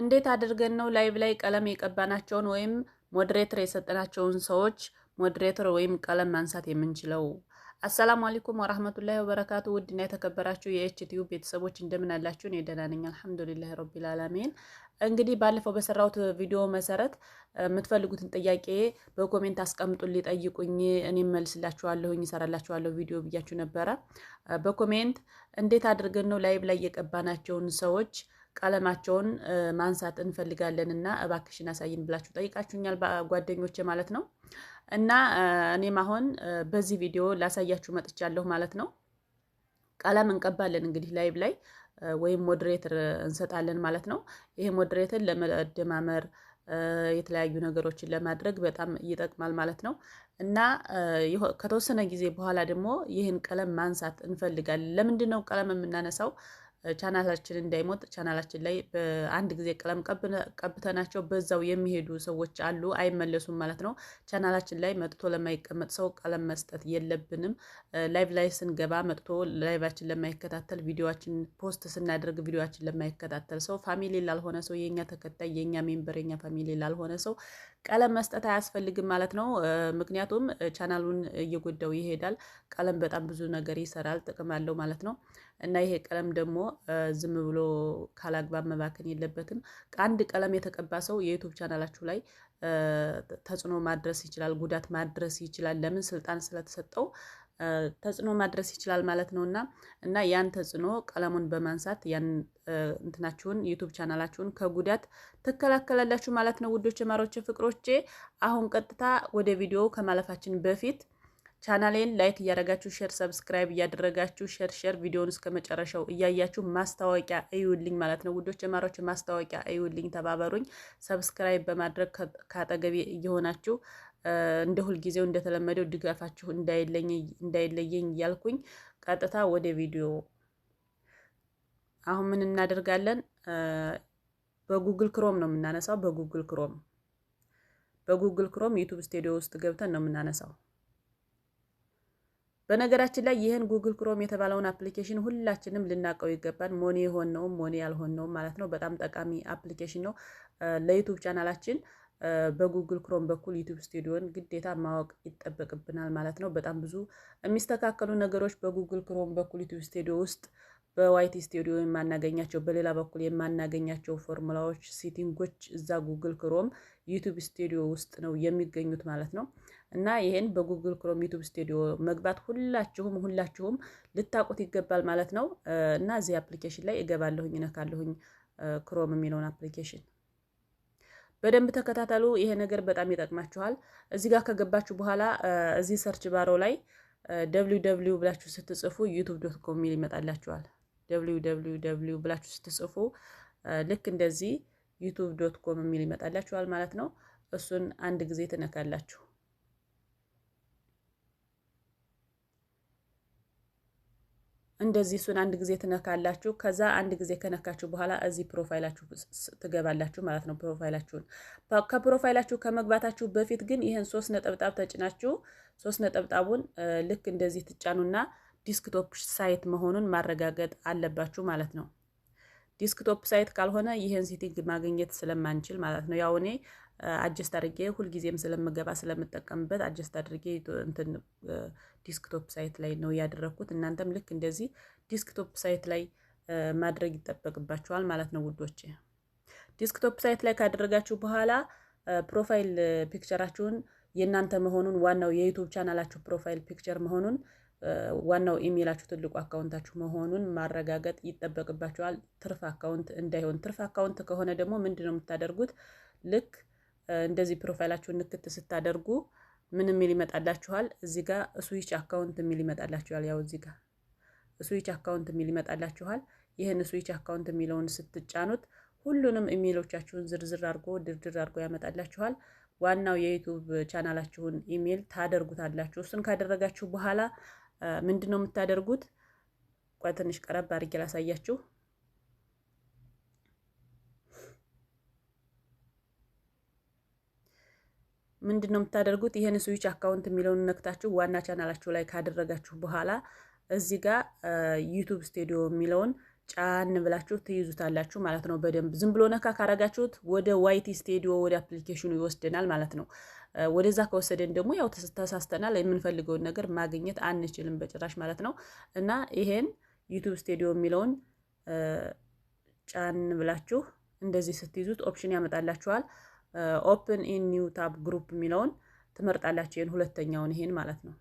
እንዴት አድርገን ነው ላይቭ ላይ ቀለም የቀባናቸውን ወይም ሞዴሬተር የሰጠናቸውን ሰዎች ሞዴሬተር ወይም ቀለም ማንሳት የምንችለው? አሰላሙ አለይኩም ወራህመቱላሂ ወበረካቱ። ውድና የተከበራችሁ የኤችቲዩ ቤተሰቦች እንደምን አላችሁ? እኔ ደህና ነኝ አልሐምዱሊላሂ ረቢል አለሚን። እንግዲህ ባለፈው በሰራሁት ቪዲዮ መሰረት የምትፈልጉትን ጥያቄ በኮሜንት አስቀምጡ፣ ጠይቁኝ፣ እኔ መልስላችኋለሁ፣ ይሰራላችኋለሁ ቪዲዮ ብያችሁ ነበረ። በኮሜንት እንዴት አድርገን ነው ላይቭ ላይ የቀባናቸውን ሰዎች ቀለማቸውን ማንሳት እንፈልጋለን እና እባክሽን አሳይን ብላችሁ ጠይቃችሁኛል ጓደኞች ማለት ነው። እና እኔም አሁን በዚህ ቪዲዮ ላሳያችሁ መጥቻለሁ ማለት ነው። ቀለም እንቀባለን እንግዲህ ላይቭ ላይ ወይም ሞዴሬተር እንሰጣለን ማለት ነው። ይሄ ሞዴሬተር ለመደማመር የተለያዩ ነገሮችን ለማድረግ በጣም ይጠቅማል ማለት ነው እና ከተወሰነ ጊዜ በኋላ ደግሞ ይህን ቀለም ማንሳት እንፈልጋለን። ለምንድን ነው ቀለም የምናነሳው? ቻናላችን እንዳይሞጥ ቻናላችን ላይ በአንድ ጊዜ ቀለም ቀብተናቸው በዛው የሚሄዱ ሰዎች አሉ፣ አይመለሱም ማለት ነው። ቻናላችን ላይ መጥቶ ለማይቀመጥ ሰው ቀለም መስጠት የለብንም። ላይቭ ላይ ስንገባ መጥቶ ላይቫችን ለማይከታተል ቪዲዮችን ፖስት ስናደርግ ቪዲዮችን ለማይከታተል ሰው፣ ፋሚሊ ላልሆነ ሰው፣ የኛ ተከታይ፣ የኛ ሜምበር፣ የኛ ፋሚሊ ላልሆነ ሰው ቀለም መስጠት አያስፈልግም ማለት ነው። ምክንያቱም ቻናሉን እየጎዳው ይሄዳል። ቀለም በጣም ብዙ ነገር ይሰራል፣ ጥቅም አለው ማለት ነው። እና ይሄ ቀለም ደግሞ ዝም ብሎ ካላግባብ መባከን የለበትም። ከአንድ ቀለም የተቀባ ሰው የዩቱብ ቻናላችሁ ላይ ተጽዕኖ ማድረስ ይችላል፣ ጉዳት ማድረስ ይችላል። ለምን ስልጣን ስለተሰጠው ተጽዕኖ ማድረስ ይችላል ማለት ነው እና እና ያን ተጽዕኖ ቀለሙን በማንሳት ያን እንትናችሁን ዩቱብ ቻናላችሁን ከጉዳት ትከላከላላችሁ ማለት ነው። ውዶች፣ ማሮች፣ ፍቅሮቼ አሁን ቀጥታ ወደ ቪዲዮ ከማለፋችን በፊት ቻናሌን ላይክ እያደረጋችሁ ሼር ሰብስክራይብ እያደረጋችሁ ሼር ሼር ቪዲዮውን እስከ መጨረሻው እያያችሁ ማስታወቂያ እዩልኝ ማለት ነው ውዶች ማሮች፣ ማስታወቂያ እዩልኝ፣ ተባበሩኝ። ሰብስክራይብ በማድረግ ከአጠገቢ እየሆናችሁ እንደ ሁልጊዜው እንደተለመደው ድጋፋችሁ እንዳይለየኝ እያልኩኝ ቀጥታ ወደ ቪዲዮ አሁን ምን እናደርጋለን? በጉግል ክሮም ነው የምናነሳው። በጉግል ክሮም በጉግል ክሮም ዩቱብ ስቱዲዮ ውስጥ ገብተን ነው የምናነሳው። በነገራችን ላይ ይህን ጉግል ክሮም የተባለውን አፕሊኬሽን ሁላችንም ልናውቀው ይገባል። ሞኔ የሆነውም ሞኔ ያልሆነውም ማለት ነው። በጣም ጠቃሚ አፕሊኬሽን ነው ለዩቱብ ቻናላችን በጉግል ክሮም በኩል ዩቱብ ስቱዲዮን ግዴታ ማወቅ ይጠበቅብናል ማለት ነው። በጣም ብዙ የሚስተካከሉ ነገሮች በጉግል ክሮም በኩል ዩቱብ ስቱዲዮ ውስጥ በዋይቲ ስቱዲዮ የማናገኛቸው በሌላ በኩል የማናገኛቸው ፎርሙላዎች፣ ሴቲንጎች እዛ ጉግል ክሮም ዩቱብ ስቱዲዮ ውስጥ ነው የሚገኙት ማለት ነው። እና ይሄን በጉግል ክሮም ዩቱብ ስቱዲዮ መግባት ሁላችሁም ሁላችሁም ልታውቁት ይገባል ማለት ነው። እና እዚህ አፕሊኬሽን ላይ እገባለሁኝ እነካለሁኝ ክሮም የሚለውን አፕሊኬሽን በደንብ ተከታተሉ። ይሄ ነገር በጣም ይጠቅማችኋል። እዚህ ጋር ከገባችሁ በኋላ እዚህ ሰርች ባሮ ላይ ደብሊው ደብሊው ብላችሁ ስትጽፉ ዩቱብ ዶት ኮም የሚል ይመጣላችኋል። ደብሊው ደብሊው ደብሊው ብላችሁ ስትጽፉ ልክ እንደዚህ ዩቱብ ዶት ኮም የሚል ይመጣላችኋል ማለት ነው። እሱን አንድ ጊዜ ትነካላችሁ። እንደዚህ እሱን አንድ ጊዜ ትነካላችሁ። ከዛ አንድ ጊዜ ከነካችሁ በኋላ እዚህ ፕሮፋይላችሁ ትገባላችሁ ማለት ነው። ፕሮፋይላችሁን ከፕሮፋይላችሁ ከመግባታችሁ በፊት ግን ይህን ሶስት ነጠብጣብ ተጭናችሁ ሶስት ነጠብጣቡን ልክ እንደዚህ ትጫኑና ዲስክቶፕ ሳይት መሆኑን ማረጋገጥ አለባችሁ ማለት ነው። ዲስክቶፕ ሳይት ካልሆነ ይህን ሴቲንግ ማግኘት ስለማንችል ማለት ነው። ያው እኔ አጀስት አድርጌ ሁልጊዜም ስለምገባ ስለምጠቀምበት አጀስት አድርጌ እንትን ዲስክቶፕ ሳይት ላይ ነው ያደረግኩት። እናንተም ልክ እንደዚህ ዲስክቶፕ ሳይት ላይ ማድረግ ይጠበቅባችኋል ማለት ነው ውዶች ዲስክቶፕ ሳይት ላይ ካደረጋችሁ በኋላ ፕሮፋይል ፒክቸራችሁን የእናንተ መሆኑን ዋናው የዩቱብ ቻናላችሁ ፕሮፋይል ፒክቸር መሆኑን ዋናው ኢሜይላችሁ ትልቁ አካውንታችሁ መሆኑን ማረጋገጥ ይጠበቅባችኋል። ትርፍ አካውንት እንዳይሆን። ትርፍ አካውንት ከሆነ ደግሞ ምንድን ነው የምታደርጉት ልክ እንደዚህ ፕሮፋይላችሁን ንክት ስታደርጉ ምን የሚል ይመጣላችኋል? እዚህ ጋር ስዊች አካውንት የሚል ይመጣላችኋል። ያው እዚህ ጋር ስዊች አካውንት የሚል ይመጣላችኋል። ይህን ስዊች አካውንት የሚለውን ስትጫኑት ሁሉንም ኢሜሎቻችሁን ዝርዝር አድርጎ ድርድር አድርጎ ያመጣላችኋል። ዋናው የዩቱብ ቻናላችሁን ኢሜል ታደርጉታላችሁ። እሱን ካደረጋችሁ በኋላ ምንድን ነው የምታደርጉት? ቆይ ትንሽ ቀረብ አድርጌ ላሳያችሁ። ምንድን ነው የምታደርጉት? ይህን ስዊች አካውንት የሚለውን ነክታችሁ ዋና ቻናላችሁ ላይ ካደረጋችሁ በኋላ እዚህ ጋር ዩቱብ ስቱዲዮ የሚለውን ጫን ብላችሁ ትይዙታላችሁ ማለት ነው። በደንብ ዝም ብሎ ነካ ካረጋችሁት ወደ ዋይቲ ስቱዲዮ ወደ አፕሊኬሽኑ ይወስደናል ማለት ነው። ወደዛ ከወሰደን ደግሞ ያው ተሳስተናል፣ የምንፈልገውን ነገር ማግኘት አንችልም በጭራሽ ማለት ነው። እና ይሄን ዩቱብ ስቱዲዮ የሚለውን ጫን ብላችሁ እንደዚህ ስትይዙት ኦፕሽን ያመጣላችኋል። ኦፕን ኢን ኒው ታብ ግሩፕ የሚለውን ትመርጣላችሁ። ይህን ሁለተኛውን ይሄን ማለት ነው።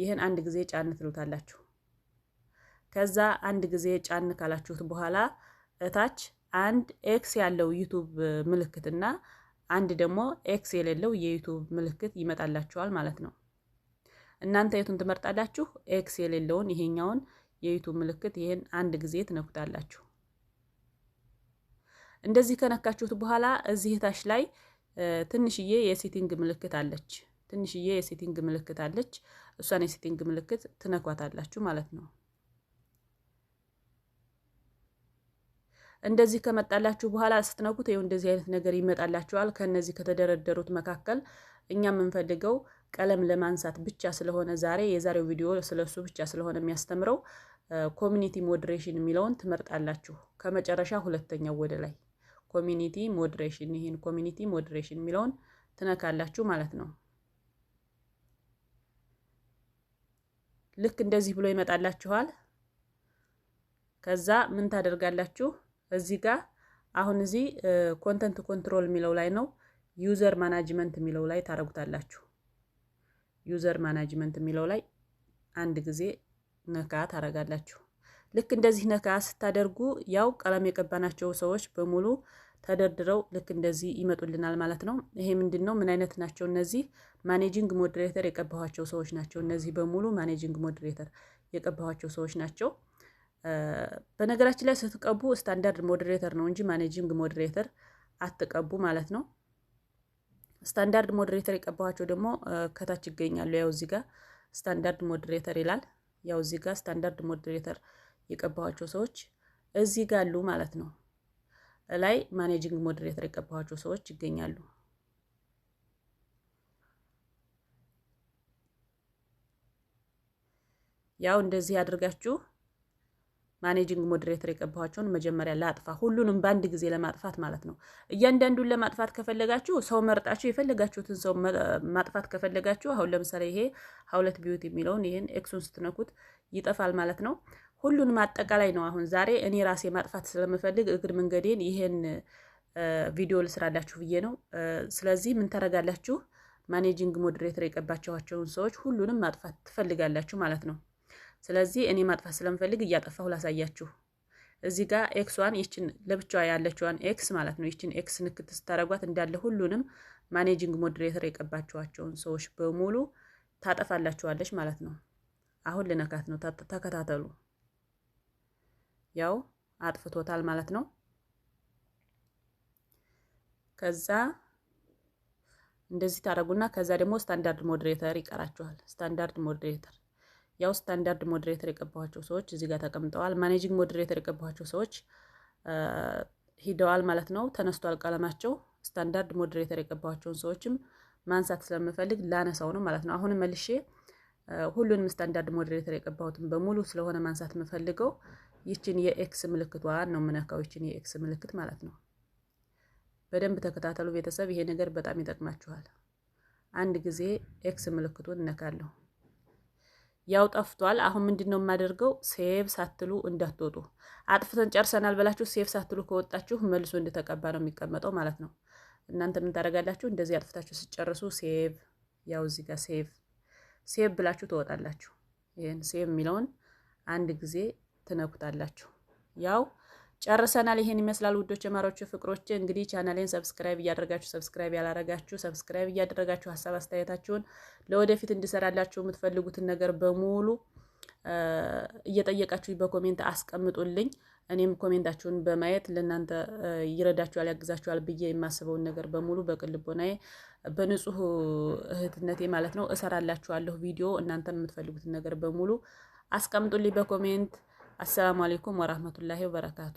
ይህን አንድ ጊዜ ጫን ትሉታላችሁ። ከዛ አንድ ጊዜ ጫን ካላችሁት በኋላ እታች አንድ ኤክስ ያለው ዩቱብ ምልክትና አንድ ደግሞ ኤክስ የሌለው የዩቱብ ምልክት ይመጣላችኋል ማለት ነው። እናንተ የቱን ትመርጣላችሁ? ኤክስ የሌለውን ይሄኛውን የዩቱብ ምልክት ይህን አንድ ጊዜ ትነኩታላችሁ። እንደዚህ ከነካችሁት በኋላ እዚህ ታች ላይ ትንሽዬ የሴቲንግ ምልክት አለች። ትንሽዬ የሴቲንግ ምልክት አለች። እሷን የሴቲንግ ምልክት ትነኳታላችሁ ማለት ነው። እንደዚህ ከመጣላችሁ በኋላ ስትነኩት ይኸው እንደዚህ አይነት ነገር ይመጣላችኋል። ከነዚህ ከተደረደሩት መካከል እኛ የምንፈልገው ቀለም ለማንሳት ብቻ ስለሆነ ዛሬ የዛሬው ቪዲዮ ስለሱ ብቻ ስለሆነ የሚያስተምረው ኮሚኒቲ ሞዴሬሽን የሚለውን ትመርጣላችሁ። ከመጨረሻ ሁለተኛው ወደ ላይ ኮሚኒቲ ሞዴሬሽን ይህን ኮሚኒቲ ሞዴሬሽን የሚለውን ትነካላችሁ ማለት ነው። ልክ እንደዚህ ብሎ ይመጣላችኋል። ከዛ ምን ታደርጋላችሁ? እዚህ ጋር አሁን እዚህ ኮንተንት ኮንትሮል የሚለው ላይ ነው። ዩዘር ማናጅመንት የሚለው ላይ ታረጉታላችሁ። ዩዘር ማናጅመንት የሚለው ላይ አንድ ጊዜ ነካ ታረጋላችሁ። ልክ እንደዚህ ነካ ስታደርጉ ያው ቀለም የቀባናቸው ሰዎች በሙሉ ተደርድረው ልክ እንደዚህ ይመጡልናል ማለት ነው። ይሄ ምንድን ነው? ምን አይነት ናቸው እነዚህ? ማኔጂንግ ሞዴሬተር የቀባኋቸው ሰዎች ናቸው። እነዚህ በሙሉ ማኔጂንግ ሞዴሬተር የቀባኋቸው ሰዎች ናቸው። በነገራችን ላይ ስትቀቡ ስታንዳርድ ሞዴሬተር ነው እንጂ ማኔጂንግ ሞዴሬተር አትቀቡ ማለት ነው። ስታንዳርድ ሞዴሬተር የቀባኋቸው ደግሞ ከታች ይገኛሉ። ያው እዚህ ጋር ስታንዳርድ ሞዴሬተር ይላል። ያው እዚህ ጋር ስታንዳርድ ሞዴሬተር የቀባኋቸው ሰዎች እዚህ ጋር አሉ ማለት ነው። ላይ ማኔጂንግ ሞዴሬተር የቀባኋቸው ሰዎች ይገኛሉ። ያው እንደዚህ አድርጋችሁ ማኔጂንግ ሞዴሬተር የቀባኋቸውን መጀመሪያ ላጥፋ፣ ሁሉንም በአንድ ጊዜ ለማጥፋት ማለት ነው። እያንዳንዱን ለማጥፋት ከፈለጋችሁ ሰው መርጣችሁ የፈለጋችሁትን ሰው ማጥፋት ከፈለጋችሁ አሁን ለምሳሌ ይሄ ሀውለት ቢዩት የሚለውን ይህን ኤክሱን ስትነኩት ይጠፋል ማለት ነው። ሁሉንም አጠቃላይ ነው። አሁን ዛሬ እኔ ራሴ ማጥፋት ስለምፈልግ እግር መንገዴን ይሄን ቪዲዮ ልስራላችሁ ብዬ ነው። ስለዚህ ምን ታረጋላችሁ? ማኔጂንግ ሞዴሬተር የቀባቸዋቸውን ሰዎች ሁሉንም ማጥፋት ትፈልጋላችሁ ማለት ነው። ስለዚህ እኔ ማጥፋት ስለምፈልግ እያጠፋሁ ላሳያችሁ። እዚህ ጋር ኤክስዋን ይችን ለብቻዋ ያለችዋን ኤክስ ማለት ነው። ይችን ኤክስ ንክት ስታደርጓት እንዳለ ሁሉንም ማኔጂንግ ሞዴሬተር የቀባቸዋቸውን ሰዎች በሙሉ ታጠፋላችኋለች ማለት ነው። አሁን ልነካት ነው። ተከታተሉ። ያው አጥፍቶታል ማለት ነው። ከዛ እንደዚህ ታደርጉና ከዛ ደግሞ ስታንዳርድ ሞዴሬተር ይቀራችኋል። ስታንዳርድ ሞዴሬተር ያው ስታንዳርድ ሞዴሬተር የቀባኋቸው ሰዎች እዚህ ጋር ተቀምጠዋል። ማኔጂንግ ሞዴሬተር የቀባኋቸው ሰዎች ሂደዋል ማለት ነው። ተነስቷል ቀለማቸው። ስታንዳርድ ሞዴሬተር የቀባኋቸውን ሰዎችም ማንሳት ስለምፈልግ ላነሳው ነው ማለት ነው። አሁንም መልሼ ሁሉንም ስታንዳርድ ሞዴሬተር የቀባሁትን በሙሉ ስለሆነ ማንሳት የምፈልገው ይችን የኤክስ ምልክቷን ነው የምነካው። ይችን የኤክስ ምልክት ማለት ነው። በደንብ ተከታተሉ ቤተሰብ፣ ይሄ ነገር በጣም ይጠቅማችኋል። አንድ ጊዜ ኤክስ ምልክቱን እነካለሁ። ያው ጠፍቷል። አሁን ምንድን ነው የማደርገው? ሴቭ ሳትሉ እንዳትወጡ። አጥፍተን ጨርሰናል ብላችሁ ሴቭ ሳትሉ ከወጣችሁ መልሶ እንደተቀባ ነው የሚቀመጠው ማለት ነው። እናንተ ምን ታደርጋላችሁ? እንደዚህ አጥፍታችሁ ስጨርሱ ሴቭ፣ ያው እዚህ ጋር ሴቭ ሴቭ ብላችሁ ትወጣላችሁ። ይህን ሴቭ የሚለውን አንድ ጊዜ ትነኩታላችሁ። ያው ጨርሰናል። ይሄን ይመስላል ውዶች፣ የማሮቹ ፍቅሮች። እንግዲህ ቻናሌን ሰብስክራይብ እያደረጋችሁ ሰብስክራይብ ያላረጋችሁ ሰብስክራይብ እያደረጋችሁ ሀሳብ አስተያየታችሁን ለወደፊት እንዲሰራላችሁ የምትፈልጉትን ነገር በሙሉ እየጠየቃችሁ በኮሜንት አስቀምጡልኝ። እኔም ኮሜንታችሁን በማየት ለእናንተ ይረዳችኋል፣ ያግዛችኋል ብዬ የማስበውን ነገር በሙሉ በቅልቦናዬ በንጹህ እህትነቴ ማለት ነው እሰራላችኋለሁ ቪዲዮ። እናንተ የምትፈልጉትን ነገር በሙሉ አስቀምጡልኝ በኮሜንት አሰላሙ አሌይኩም ወራህመቱላሂ ወበረካቱ።